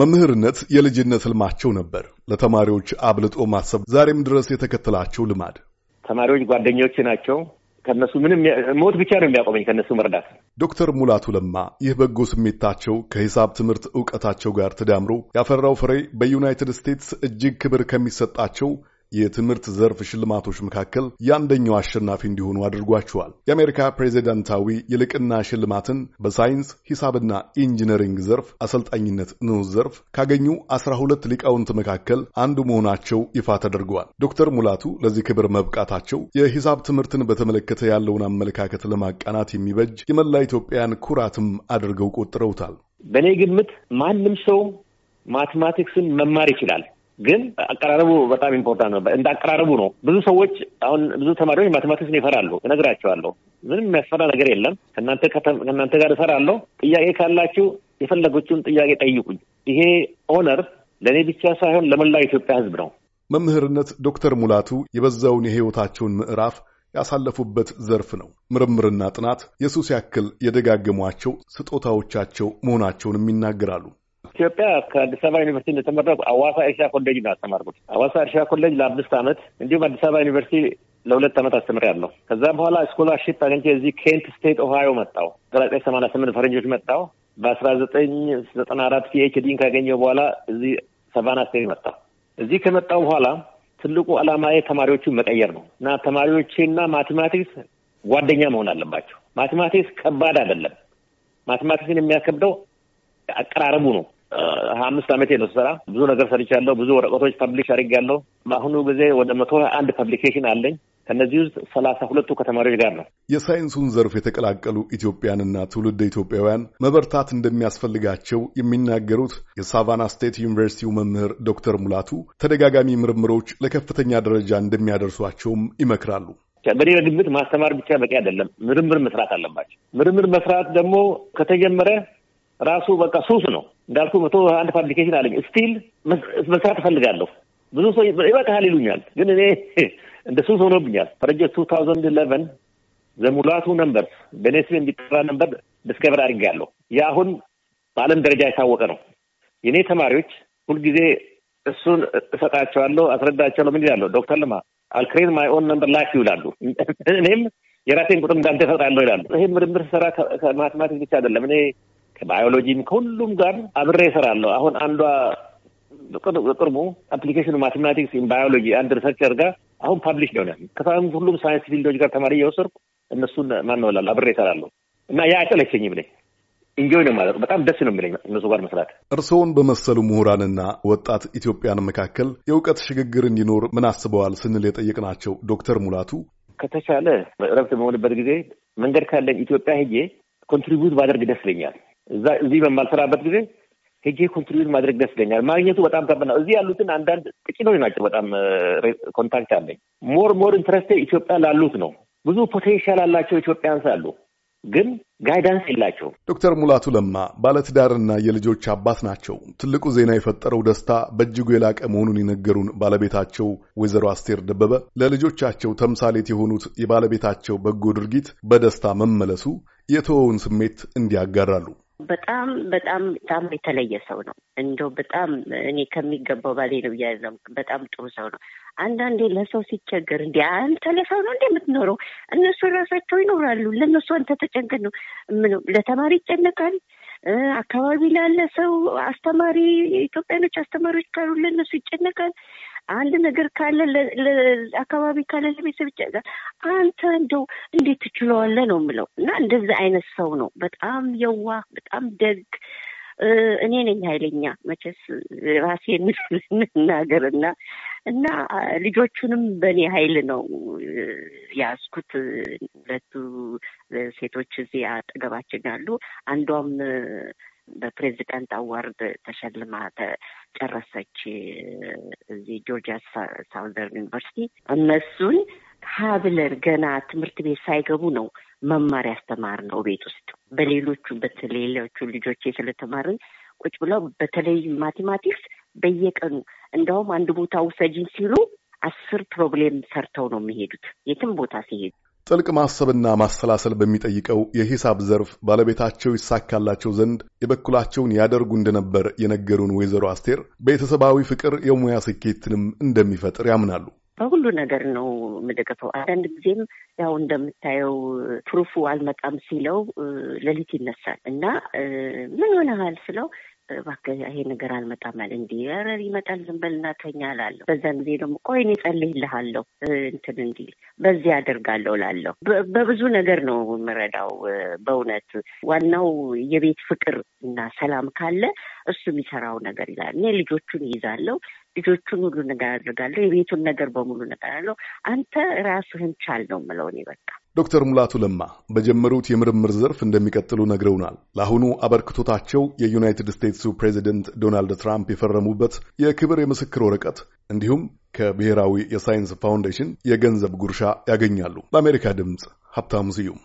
መምህርነት የልጅነት ህልማቸው ነበር። ለተማሪዎች አብልጦ ማሰብ ዛሬም ድረስ የተከተላቸው ልማድ። ተማሪዎች ጓደኞች ናቸው። ከነሱ ምንም ሞት ብቻ ነው የሚያቆመኝ ከነሱ መርዳት። ዶክተር ሙላቱ ለማ ይህ በጎ ስሜታቸው ከሂሳብ ትምህርት እውቀታቸው ጋር ተዳምሮ ያፈራው ፍሬ በዩናይትድ ስቴትስ እጅግ ክብር ከሚሰጣቸው የትምህርት ዘርፍ ሽልማቶች መካከል የአንደኛው አሸናፊ እንዲሆኑ አድርጓቸዋል። የአሜሪካ ፕሬዚዳንታዊ የልቅና ሽልማትን በሳይንስ ሂሳብና ኢንጂነሪንግ ዘርፍ አሰልጣኝነት ንዑስ ዘርፍ ካገኙ 12 ሊቃውንት መካከል አንዱ መሆናቸው ይፋ ተደርገዋል። ዶክተር ሙላቱ ለዚህ ክብር መብቃታቸው የሂሳብ ትምህርትን በተመለከተ ያለውን አመለካከት ለማቃናት የሚበጅ የመላ ኢትዮጵያን ኩራትም አድርገው ቆጥረውታል። በእኔ ግምት ማንም ሰው ማትማቲክስን መማር ይችላል። ግን አቀራረቡ በጣም ኢምፖርታንት ነው። እንደ አቀራረቡ ነው። ብዙ ሰዎች አሁን ብዙ ተማሪዎች ማቴማቲክስን ይፈራሉ። እነግራቸዋለሁ፣ ምንም የሚያስፈራ ነገር የለም። ከእናንተ ጋር እሰራለሁ። ጥያቄ ካላችሁ የፈለገችውን ጥያቄ ጠይቁኝ። ይሄ ኦነር ለእኔ ብቻ ሳይሆን ለመላው ኢትዮጵያ ሕዝብ ነው። መምህርነት ዶክተር ሙላቱ የበዛውን የህይወታቸውን ምዕራፍ ያሳለፉበት ዘርፍ ነው። ምርምርና ጥናት የሱስ ያክል የደጋገሟቸው ስጦታዎቻቸው መሆናቸውንም ይናገራሉ። ኢትዮጵያ ከአዲስ አበባ ዩኒቨርሲቲ እንደተመረቁ አዋሳ እርሻ ኮሌጅ ነው ያስተማርኩት። አዋሳ እርሻ ኮሌጅ ለአምስት ዓመት እንዲሁም አዲስ አበባ ዩኒቨርሲቲ ለሁለት ዓመት አስተምሬያለሁ። ከዛም በኋላ ስኮላርሺፕ አግኝቼ እዚህ ኬንት ስቴት ኦሃዮ መጣሁ። አስራ ዘጠኝ ሰማንያ ስምንት ፈረንጆች መጣሁ። በአስራ ዘጠኝ ዘጠና አራት ፒኤችዲን ካገኘሁ በኋላ እዚህ ሰቫና ስቴት መጣሁ። እዚህ ከመጣሁ በኋላ ትልቁ አላማ ተማሪዎቹን መቀየር ነው እና ተማሪዎችና ማቴማቲክስ ጓደኛ መሆን አለባቸው። ማቴማቲክስ ከባድ አይደለም። ማቴማቲክስን የሚያከብደው አቀራረቡ ነው። ሀያ አምስት ዓመቴ ነው ስሰራ ብዙ ነገር ሰርቻለሁ። ብዙ ወረቀቶች ፐብሊሽ አድርጌያለሁ። በአሁኑ ጊዜ ወደ መቶ ሀያ አንድ ፐብሊኬሽን አለኝ። ከእነዚህ ውስጥ ሰላሳ ሁለቱ ከተማሪዎች ጋር ነው። የሳይንሱን ዘርፍ የተቀላቀሉ ኢትዮጵያንና ትውልድ ኢትዮጵያውያን መበርታት እንደሚያስፈልጋቸው የሚናገሩት የሳቫና ስቴት ዩኒቨርሲቲው መምህር ዶክተር ሙላቱ ተደጋጋሚ ምርምሮች ለከፍተኛ ደረጃ እንደሚያደርሷቸውም ይመክራሉ። በእኔ በግምት ማስተማር ብቻ በቂ አይደለም፣ ምርምር መስራት አለባቸው። ምርምር መስራት ደግሞ ከተጀመረ ራሱ በቃ ሱስ ነው። እንዳልኩ መቶ አንድ ፓብሊኬሽን አለኝ። ስቲል መስራት እፈልጋለሁ። ብዙ ሰው ይበቃሃል ይሉኛል፣ ግን እኔ እንደ ሱስ ሆኖብኛል። ፕሮጀክት ቱ ታውዘንድ ኢለቨን ዘሙላቱ ነንበር በእኔ ስም የሚጠራ ነንበር ዲስከቨር አድርጌያለሁ። ያ አሁን በዓለም ደረጃ የታወቀ ነው። የእኔ ተማሪዎች ሁልጊዜ እሱን እሰጣቸዋለሁ፣ አስረዳቸዋለሁ። ምን ይላለሁ? ዶክተር ልማ አልክሬን ማይ ኦን ነምበር ላይፍ ይውላሉ። እኔም የራሴን ቁጥር እንዳንተ እሰጣለሁ ይላሉ። ይህን ምርምር ስራ ከማትማቲክ ብቻ አይደለም እኔ ከባዮሎጂም ከሁሉም ጋር አብሬ እሰራለሁ። አሁን አንዷ ቅርቡ አፕሊኬሽን ማቴማቲክስ ባዮሎጂ አንድ ሪሰርቸር ጋር አሁን ፓብሊሽ ሆነ ከሳም ሁሉም ሳይንስ ፊልዶች ጋር ተማሪ እየወሰድኩ እነሱን ማንበላል አብሬ እሰራለሁ እና ያ አይጠለቸኝም ነኝ እንጆይ ነው ማለት በጣም ደስ ነው የሚለኝ እነሱ ጋር መስራት። እርስዎን በመሰሉ ምሁራንና ወጣት ኢትዮጵያን መካከል የእውቀት ሽግግር እንዲኖር ምን አስበዋል ስንል የጠየቅናቸው ዶክተር ሙላቱ ከተቻለ እረፍት በሆንበት ጊዜ መንገድ ካለኝ ኢትዮጵያ ሄጄ ኮንትሪቢዩት ባደርግ ደስ ይለኛል። እዛ እዚህ በማልሰራበት ጊዜ ሄጄ ኮንትሪቢዩት ማድረግ ደስ ይለኛል። ማግኘቱ በጣም ከብድ ነው። እዚህ ያሉትን አንዳንድ ጥቂቶች ናቸው። በጣም ኮንታክት አለኝ። ሞር ሞር ኢንትረስቴ ኢትዮጵያ ላሉት ነው። ብዙ ፖቴንሻል አላቸው ኢትዮጵያንስ አሉ ግን ጋይዳንስ የላቸውም። ዶክተር ሙላቱ ለማ ባለትዳርና የልጆች አባት ናቸው። ትልቁ ዜና የፈጠረው ደስታ በእጅጉ የላቀ መሆኑን የነገሩን ባለቤታቸው ወይዘሮ አስቴር ደበበ ለልጆቻቸው ተምሳሌት የሆኑት የባለቤታቸው በጎ ድርጊት በደስታ መመለሱ የተወውን ስሜት እንዲያጋራሉ በጣም በጣም በጣም የተለየ ሰው ነው። እንደው በጣም እኔ ከሚገባው ባሌ ነው እያለው በጣም ጥሩ ሰው ነው። አንዳንዴ ለሰው ሲቸገር እንዲ አንተ ለሰው ነው እንዲ የምትኖረው እነሱ ራሳቸው ይኖራሉ። ለእነሱ አንተ ተጨንቅ ነው ምነው ለተማሪ ይጨነቃል። አካባቢ ላለ ሰው አስተማሪ ኢትዮጵያኖች አስተማሪዎች ካሉ ለእነሱ ይጨነቃል። አንድ ነገር ካለ አካባቢ ካለ ለቤተሰብ ይጨነቃል። አንተ እንደው እንዴት ትችለዋለህ ነው የምለው። እና እንደዚህ አይነት ሰው ነው። በጣም የዋህ፣ በጣም ደግ እኔ ነኝ ኃይለኛ መቼስ ራሴ የምናገር እና እና ልጆቹንም በእኔ ኃይል ነው ያዝኩት። ሁለቱ ሴቶች እዚህ አጠገባችን ያሉ አንዷም በፕሬዚዳንት አዋርድ ተሸልማ ተጨረሰች እዚህ ጆርጂያ ሳውዘርን ዩኒቨርሲቲ እነሱን ሀብለን ገና ትምህርት ቤት ሳይገቡ ነው መማር ያስተማር ነው ቤት ውስጥ በሌሎቹ በሌሎቹ ልጆች ስለተማርን ቁጭ ብለው በተለይ ማቴማቲክስ በየቀኑ እንደውም አንድ ቦታ ውሰጅኝ ሲሉ አስር ፕሮብሌም ሰርተው ነው የሚሄዱት የትም ቦታ ሲሄዱ። ጥልቅ ማሰብና ማሰላሰል በሚጠይቀው የሂሳብ ዘርፍ ባለቤታቸው ይሳካላቸው ዘንድ የበኩላቸውን ያደርጉ እንደነበር የነገሩን ወይዘሮ አስቴር ቤተሰባዊ ፍቅር የሙያ ስኬትንም እንደሚፈጥር ያምናሉ። በሁሉ ነገር ነው የምደገፈው። አንዳንድ ጊዜም ያው እንደምታየው ፕሩፉ አልመጣም ሲለው ሌሊት ይነሳል እና ምን ሆነሃል ስለው እባክህ ይሄ ነገር አልመጣም አለ። እንዲ ኧረ ይመጣል ዝም በል ተኛ እላለሁ። በዛን ጊዜ ደግሞ ቆይ እኔ ጸልይልሃለሁ እንትን እንዲል በዚህ አደርጋለሁ እላለሁ። በብዙ ነገር ነው የምረዳው። በእውነት ዋናው የቤት ፍቅር እና ሰላም ካለ እሱ የሚሰራው ነገር ይላል። እኔ ልጆቹን ይይዛለሁ ልጆቹን ሁሉ ነገር አድርጋለሁ። የቤቱን ነገር በሙሉ ነገር አለው። አንተ ራስህን ቻል ነው የምለው እኔ በቃ። ዶክተር ሙላቱ ለማ በጀመሩት የምርምር ዘርፍ እንደሚቀጥሉ ነግረውናል። ለአሁኑ አበርክቶታቸው የዩናይትድ ስቴትሱ ፕሬዚደንት ዶናልድ ትራምፕ የፈረሙበት የክብር የምስክር ወረቀት እንዲሁም ከብሔራዊ የሳይንስ ፋውንዴሽን የገንዘብ ጉርሻ ያገኛሉ። ለአሜሪካ ድምፅ ሀብታሙ ስዩም